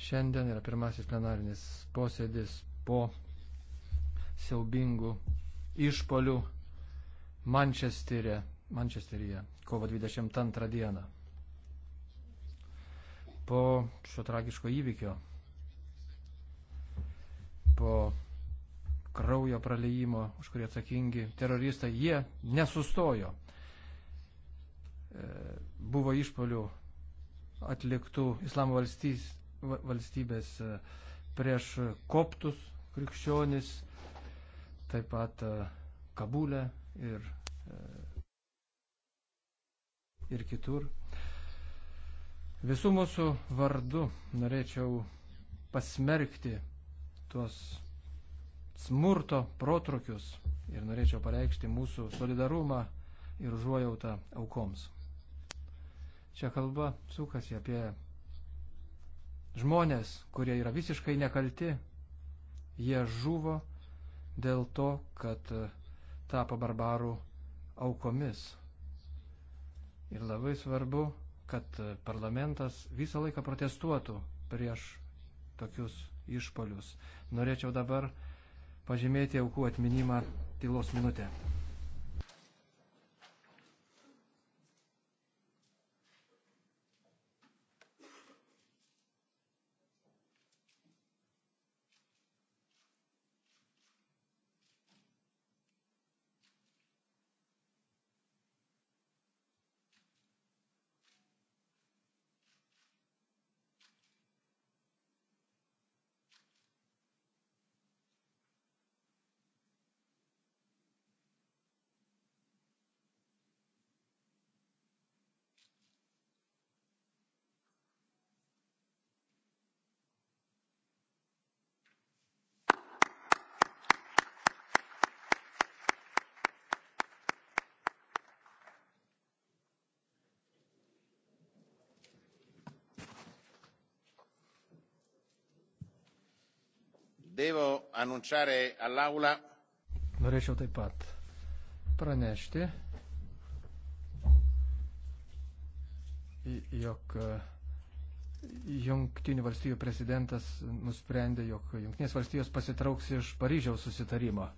Šiandien yra pirmasis plenarinis posėdis po siaubingų išpolių Mančesterė, Mančesteryje kovo 22 dieną. Po šio tragiško įvykio, po kraujo praleimo, už kurį atsakingi teroristai, jie nesustojo. E, buvo išpolių atliktų islamo valstys, valstybės e, prieš koptus krikščionis, taip pat e, Kabulę ir, e, ir kitur. Visų mūsų vardu norėčiau pasmerkti tuos smurto protrukius ir norėčiau pareikšti mūsų solidarumą ir užuojautą aukoms. Čia kalba sukasi apie Žmonės, kurie yra visiškai nekalti, jie žuvo dėl to, kad e, tapo barbarų aukomis. Ir labai svarbu, kad e, parlamentas visą laiką protestuotų prieš tokius išpolius. Norėčiau dabar pažymėti aukų atminimą tylos minutę. Devo annunciare all'aula. Norėčiau taip pat pranešti, jog e, Junktinių valstybių prezidentas nusprendė, jog Junktinės valstybės pasitrauks iš Paryžiaus susitarimo.